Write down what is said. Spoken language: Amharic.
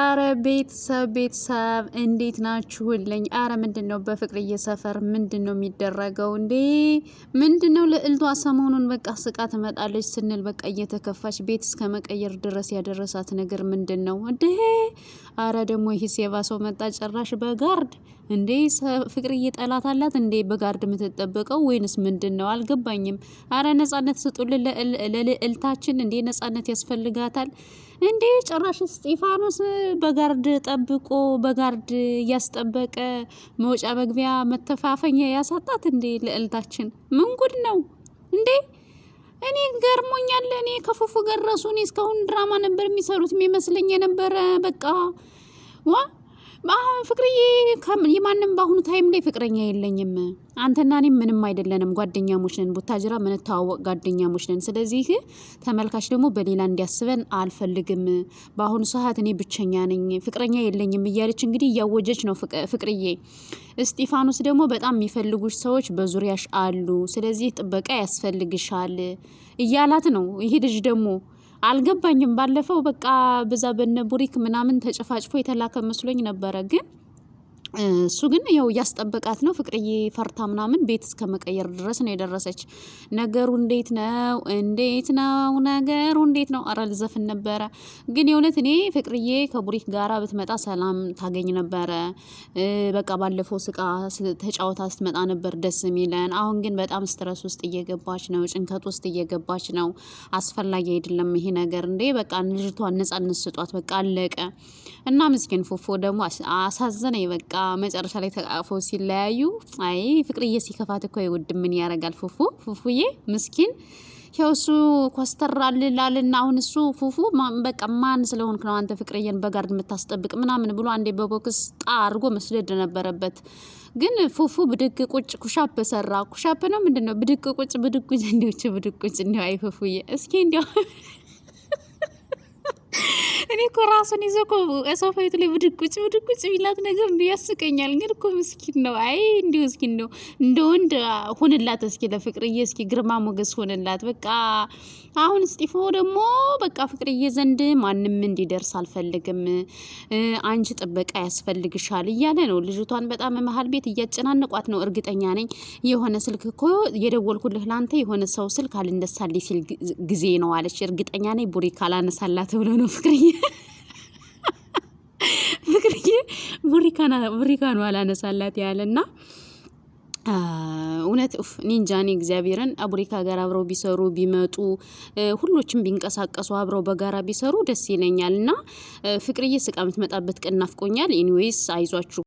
አረ ቤተሰብ ቤተሰብ እንዴት ናችሁልኝ? አረ ምንድን ነው በፍቅርዬ ሰፈር ምንድን ነው የሚደረገው እንዴ? ምንድን ነው ልዕልቷ ሰሞኑን በቃ ስቃ ትመጣለች ስንል በቃ እየተከፋች ቤት እስከ መቀየር ድረስ ያደረሳት ነገር ምንድን ነው እንዴ? አረ ደግሞ ሴባ ሰው መጣ። ጭራሽ በጋርድ እንዴ ፍቅርዬ ጠላት አላት እንዴ? በጋርድ የምትጠበቀው ወይንስ ምንድን ነው አልገባኝም። አረ ነጻነት ስጡልን ለልዕልታችን እንዴ! ነጻነት ያስፈልጋታል። እንዴ ጭራሽ እስጢፋኖስ በጋርድ ጠብቆ በጋርድ እያስጠበቀ መውጫ መግቢያ መተፋፈኛ ያሳጣት እንዴ ልዕልታችን ምንጉድ ነው እንዴ እኔ ገርሞኛል እኔ ከፉፉ ገረሱ እኔ እስካሁን ድራማ ነበር የሚሰሩት የሚመስለኝ የነበረ በቃ ዋ አሁን ፍቅርዬ የማንም በአሁኑ ታይም ላይ ፍቅረኛ የለኝም። አንተና እኔ ምንም አይደለንም፣ ጓደኛሞች ነን። ቡታጅራ ምንተዋወቅ ጓደኛሞች ነን። ስለዚህ ተመልካች ደግሞ በሌላ እንዲያስበን አልፈልግም። በአሁኑ ሰዓት እኔ ብቸኛ ነኝ፣ ፍቅረኛ የለኝም እያለች እንግዲህ እያወጀች ነው ፍቅርዬ። እስጢፋኖስ ደግሞ በጣም የሚፈልጉሽ ሰዎች በዙሪያሽ አሉ፣ ስለዚህ ጥበቃ ያስፈልግሻል እያላት ነው ይሄ ልጅ ደግሞ አልገባኝም። ባለፈው በቃ በዛ በነ ቡሪክ ምናምን ተጨፋጭፎ የተላከ መስሎኝ ነበረ ግን እሱ ግን ያው እያስጠበቃት ነው። ፍቅርዬ ፈርታ ምናምን ቤት እስከ መቀየር ድረስ ነው የደረሰች። ነገሩ እንዴት ነው? እንዴት ነው ነገሩ? እንዴት ነው? አረ ልዘፍን ነበረ ግን የእውነት እኔ ፍቅርዬ ከቡሪክ ጋራ ብትመጣ ሰላም ታገኝ ነበረ። በቃ ባለፈው ስቃ ተጫወታ ስትመጣ ነበር ደስ የሚለን። አሁን ግን በጣም ስትረስ ውስጥ እየገባች ነው፣ ጭንቀት ውስጥ እየገባች ነው። አስፈላጊ አይደለም ይሄ ነገር እንዴ። በቃ ልጅቷን ነጻነት ስጧት፣ በቃ አለቀ። እና ምስኪን ፉፉ ደግሞ አሳዘነኝ በቃ መጨረሻ ላይ ተቃቅፈው ሲለያዩ፣ አይ ፍቅርዬ ሲከፋት እኮ የውድ ምን ያደርጋል ፉፉ ፉፉዬ ምስኪን ያው እሱ ኮስተራልላልና አሁን እሱ ፉፉ በቃ ማን ስለሆንክ ነው አንተ ፍቅርዬን በጋርድ የምታስጠብቅ ምናምን ብሎ አንዴ በቦክስ ጣ አድርጎ መስደድ ነበረበት። ግን ፉፉ ብድግ ቁጭ ኩሻፕ ሰራ። ኩሻፕ ነው ምንድን ነው? ብድቅ ቁጭ ብድቅ ቁጭ እንዲዎች ብድቅ ቁጭ እንዲሁ አይ ፉፉዬ እስኪ እንዲያው እኮ ራሱን ይዞ እኮ ሶፋ ቤት ላይ ብድቁጭ ብድቁጭ ቢላት ነገር እንዲ ያስቀኛል። ግን እኮ ምስኪን ነው። አይ እንዲሁ እስኪ እንደው እንደ ወንድ ሁንላት እስኪ ለፍቅርዬ እስኪ ግርማ ሞገስ ሁንላት። በቃ አሁን እስጢፎ ደግሞ በቃ ፍቅርዬ ዘንድ ማንም እንዲደርስ አልፈልግም፣ አንቺ ጥበቃ ያስፈልግሻል እያለ ነው። ልጅቷን በጣም መሀል ቤት እያጨናነቋት ነው። እርግጠኛ ነኝ የሆነ ስልክ እኮ የደወልኩልህ ላንተ የሆነ ሰው ስልክ አልነሳልኝ ሲል ጊዜ ነው አለች። እርግጠኛ ነኝ ቡሪ ካላነሳላት ብሎ ነው ፍቅርዬ ፍቅርዬ ቡሪካ አላነሳላት ያለ ያለና እውነት ኒንጃኔ እግዚአብሔርን አቡሪካ ጋር አብረው ቢሰሩ ቢመጡ ሁሎችም ቢንቀሳቀሱ አብረው በጋራ ቢሰሩ ደስ ይለኛል እና ፍቅርዬ ስቃ የምትመጣበት ቀን ናፍቆኛል። ኢኒዌይስ አይዟችሁ።